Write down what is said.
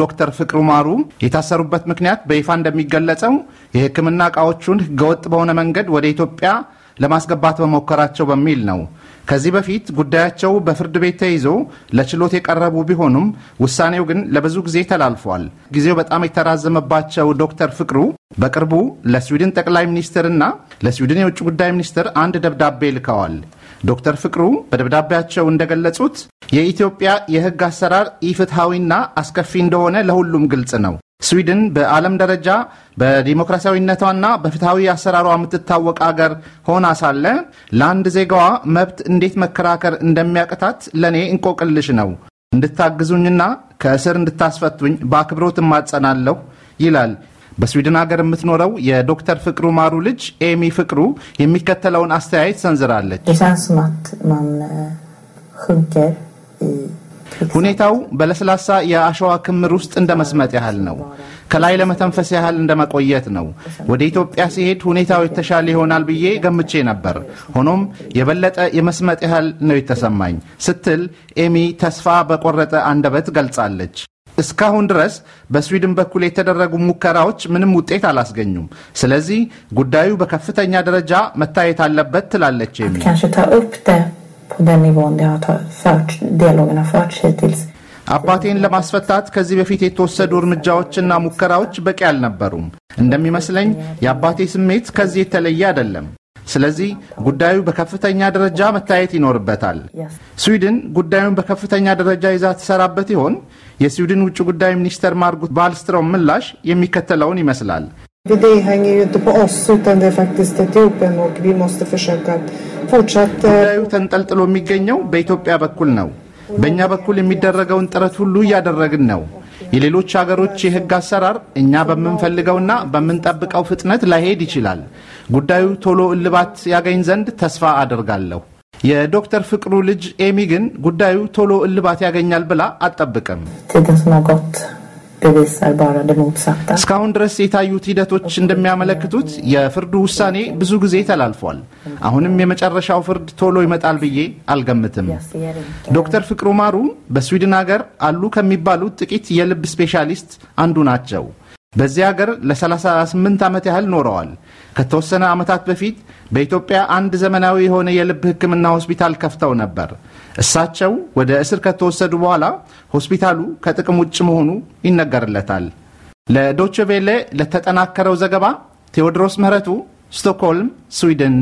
ዶክተር ፍቅሩ ማሩ የታሰሩበት ምክንያት በይፋ እንደሚገለጸው የሕክምና እቃዎቹን ህገወጥ በሆነ መንገድ ወደ ኢትዮጵያ ለማስገባት በሞከራቸው በሚል ነው። ከዚህ በፊት ጉዳያቸው በፍርድ ቤት ተይዞ ለችሎት የቀረቡ ቢሆኑም ውሳኔው ግን ለብዙ ጊዜ ተላልፏል። ጊዜው በጣም የተራዘመባቸው ዶክተር ፍቅሩ በቅርቡ ለስዊድን ጠቅላይ ሚኒስትርና ለስዊድን የውጭ ጉዳይ ሚኒስትር አንድ ደብዳቤ ልከዋል። ዶክተር ፍቅሩ በደብዳቤያቸው እንደገለጹት የኢትዮጵያ የሕግ አሰራር ኢፍትሐዊና አስከፊ እንደሆነ ለሁሉም ግልጽ ነው። ስዊድን በዓለም ደረጃ በዲሞክራሲያዊነቷና በፍትሐዊ አሰራሯ የምትታወቅ አገር ሆና ሳለ ለአንድ ዜጋዋ መብት እንዴት መከራከር እንደሚያቅታት ለእኔ እንቆቅልሽ ነው። እንድታግዙኝና ከእስር እንድታስፈቱኝ በአክብሮት እማጸናለሁ ይላል በስዊድን ሀገር የምትኖረው የዶክተር ፍቅሩ ማሩ ልጅ ኤሚ ፍቅሩ የሚከተለውን አስተያየት ሰንዝራለች። ሁኔታው በለስላሳ የአሸዋ ክምር ውስጥ እንደ መስመጥ ያህል ነው። ከላይ ለመተንፈስ ያህል እንደ መቆየት ነው። ወደ ኢትዮጵያ ሲሄድ ሁኔታው የተሻለ ይሆናል ብዬ ገምቼ ነበር። ሆኖም የበለጠ የመስመጥ ያህል ነው የተሰማኝ ስትል ኤሚ ተስፋ በቆረጠ አንደበት ገልጻለች። እስካሁን ድረስ በስዊድን በኩል የተደረጉ ሙከራዎች ምንም ውጤት አላስገኙም። ስለዚህ ጉዳዩ በከፍተኛ ደረጃ መታየት አለበት ትላለች ኤሚ den nivån det har förts, dialogen har förts hittills. አባቴን ለማስፈታት ከዚህ በፊት የተወሰዱ እርምጃዎችና ሙከራዎች በቂ አልነበሩም። እንደሚመስለኝ የአባቴ ስሜት ከዚህ የተለየ አይደለም። ስለዚህ ጉዳዩ በከፍተኛ ደረጃ መታየት ይኖርበታል። ስዊድን ጉዳዩን በከፍተኛ ደረጃ ይዛ ትሰራበት ይሆን? የስዊድን ውጭ ጉዳይ ሚኒስተር ማርጉት ባልስትሮም ምላሽ የሚከተለውን ይመስላል። Det hänger ju inte på oss utan det är faktiskt Etiopien och vi måste försöka fortsätta. ጉዳዩ ተንጠልጥሎ የሚገኘው በኢትዮጵያ በኩል ነው። በእኛ በኩል የሚደረገውን ጥረት ሁሉ እያደረግን ነው። የሌሎች አገሮች የህግ አሰራር እኛ በምንፈልገውና በምንጠብቀው ፍጥነት ላይሄድ ይችላል። ጉዳዩ ቶሎ እልባት ያገኝ ዘንድ ተስፋ አደርጋለሁ። የዶክተር ፍቅሩ ልጅ ኤሚ ግን ጉዳዩ ቶሎ እልባት ያገኛል ብላ አትጠብቅም። እስካሁን ድረስ የታዩት ሂደቶች እንደሚያመለክቱት የፍርዱ ውሳኔ ብዙ ጊዜ ተላልፏል። አሁንም የመጨረሻው ፍርድ ቶሎ ይመጣል ብዬ አልገምትም። ዶክተር ፍቅሩ ማሩ በስዊድን ሀገር አሉ ከሚባሉት ጥቂት የልብ ስፔሻሊስት አንዱ ናቸው። በዚህ ሀገር ለ38 ዓመት ያህል ኖረዋል። ከተወሰነ ዓመታት በፊት በኢትዮጵያ አንድ ዘመናዊ የሆነ የልብ ሕክምና ሆስፒታል ከፍተው ነበር። እሳቸው ወደ እስር ከተወሰዱ በኋላ ሆስፒታሉ ከጥቅም ውጭ መሆኑ ይነገርለታል። ለዶችቬሌ ለተጠናከረው ዘገባ ቴዎድሮስ ምህረቱ ስቶክሆልም፣ ስዊድን